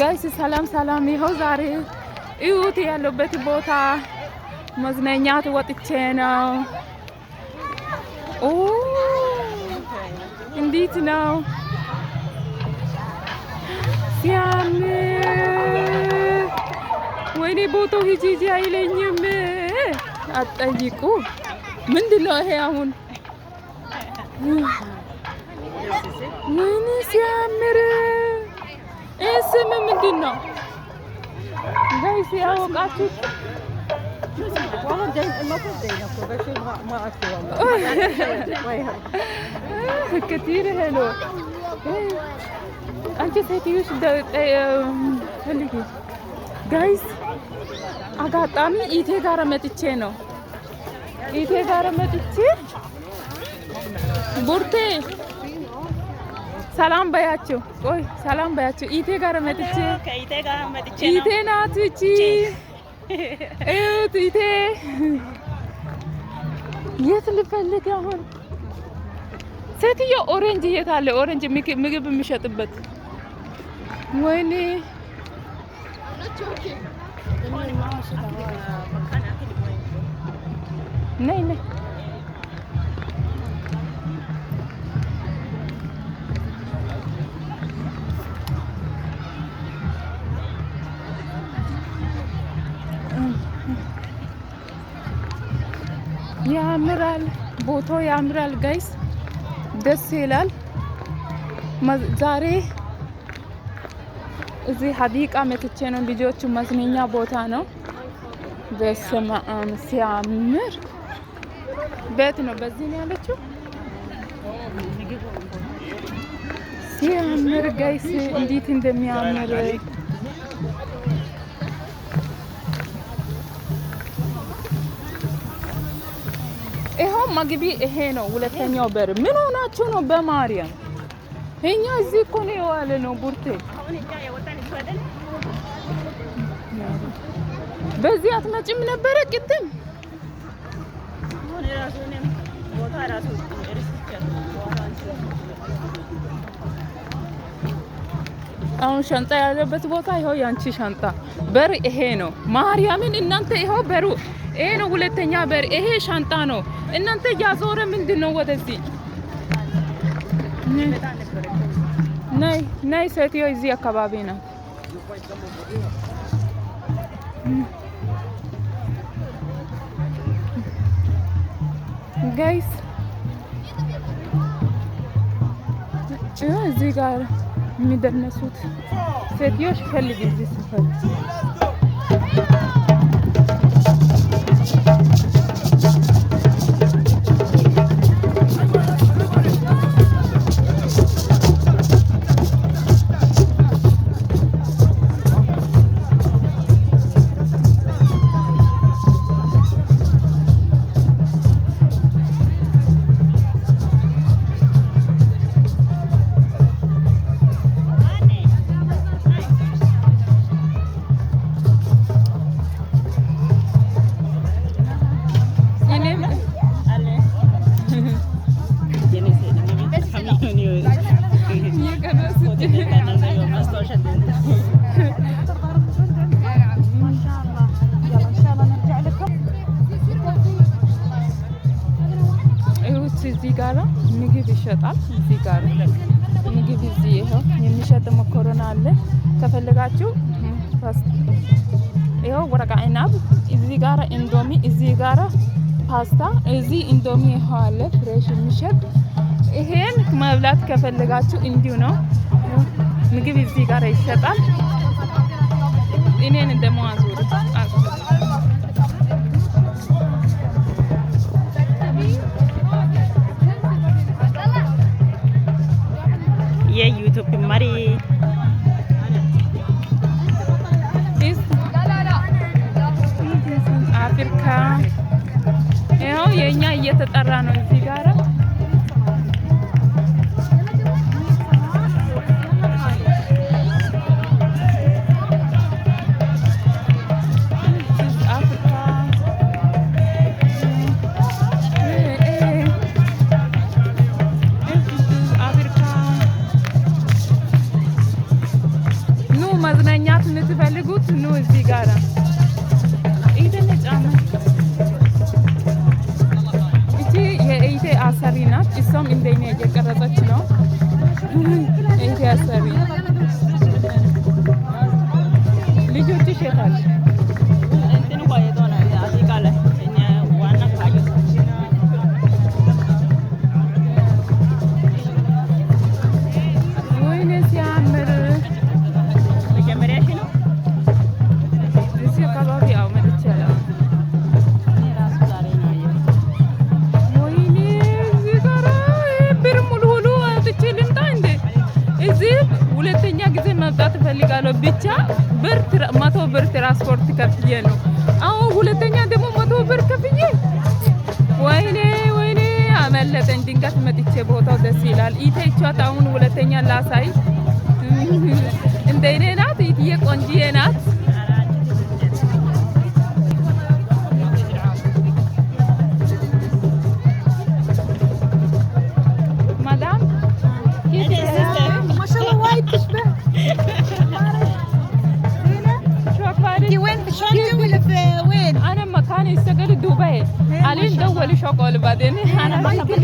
ጋይስ ሰላም ሰላም። ይኸው ዛሬ እዩት ያለበት ቦታ መዝናኛ ወጥቼ ነው። እንዴት ነው ሲያምር! ወይኔ ቦታው ሂጂ ሂጂ አይለኝም። አጠይቁ ምንድን ነው ይሄ አሁን? ወይኔ ሲያምር ይህ ስም ምንድን ነው? በይስ ያወቃችሁት ክትር ሄሎ አንቺ ሴትዮሽ ፈልጊ ጋይስ አጋጣሚ ኢቴ ጋር መጥቼ ነው። ኢቴ ጋር መጥቼ ቡርቴ ሰላም በያቸው። ቆይ ሰላም በያቸው። ኢቴ ጋር መጥቼ ኢቴ ናት እቺ እዩት። ኢቴ የት ልፈልግ አሁን? ሴትዮ ኦሬንጅ የት አለ? ኦሬንጅ ምግብ የሚሸጥበት ወይኔ ነይ ነይ ያምራል። ቦታው ያምራል ጋይስ፣ ደስ ይላል። ዛሬ እዚህ ሀዲቃ መጥቼ ነው። ልጆቹ መዝናኛ ቦታ ነው። በስመ አብ ሲያምር ቤት ነው። በዚህ ነው ያለችው። ሲያምር ጋይስ እንዴት እንደሚያምር ማ ግቢ ይሄ ነው ሁለተኛው በር። ምን ሆናችሁ ነው? በማርያም እኛ እዚህ እኮ ነው የዋለ ነው ቡርቴ። በዚህ አትመጭም ነበረ ቅድም ቦታ አሁን ሻንጣ ያለበት ቦታ ይኸው ያንቺ ሻንጣ በር ይሄ ነው። ማርያምን እናንተ ይኸው በሩ ይሄ ነው። ሁለተኛ በር ይሄ ሻንጣ ነው። እናንተ ያዞረ ምንድን ነው? ወደዚህ ነይ ነይ፣ ሴትዮ እዚህ አካባቢ ነው። ጋይስ እዚህ ጋር ميدر نسوت فيديو شحال اللي بيجي السفر እዚህ ጋራ ምግብ ይሸጣል። እዚህ ጋር ምግብ እዚህ ይኸው የሚሸጥ መኮረና አለ። ከፈለጋችሁ ይኸው ወረቃ እናብ እዚህ ጋራ ኢንዶሚ፣ እዚህ ጋራ ፓስታ፣ እዚህ ኢንዶሚ ይኸው አለ ፍሬሽ የሚሸጥ ይሄን መብላት ከፈለጋችሁ እንዲሁ ነው። ምግብ እዚህ ጋር ይሸጣል። እኔን እንደ እየተጠራ ነው እዚህ ጋራ መዝናኛት የምትፈልጉት ኑ እዚህ ጋራ ተማሪ ናት። እሷም እንደኔ እየቀረጸች ነው። መምጣት እፈልጋለሁ። ብቻ ብር መቶ ብር ትራንስፖርት ከፍዬ ነው። አሁን ሁለተኛ ደግሞ መቶ ብር ከፍዬ ወይኔ ወይኔ አመለጠኝ። ድንገት መጥቼ ቦታው ደስ ይላል። ኢቴቿት አሁን ሁለተኛ ላሳይ እንደኔ ናት። ኢትዬ ቆንጂዬ ናት። সকল বাদেন হ্যাঁ,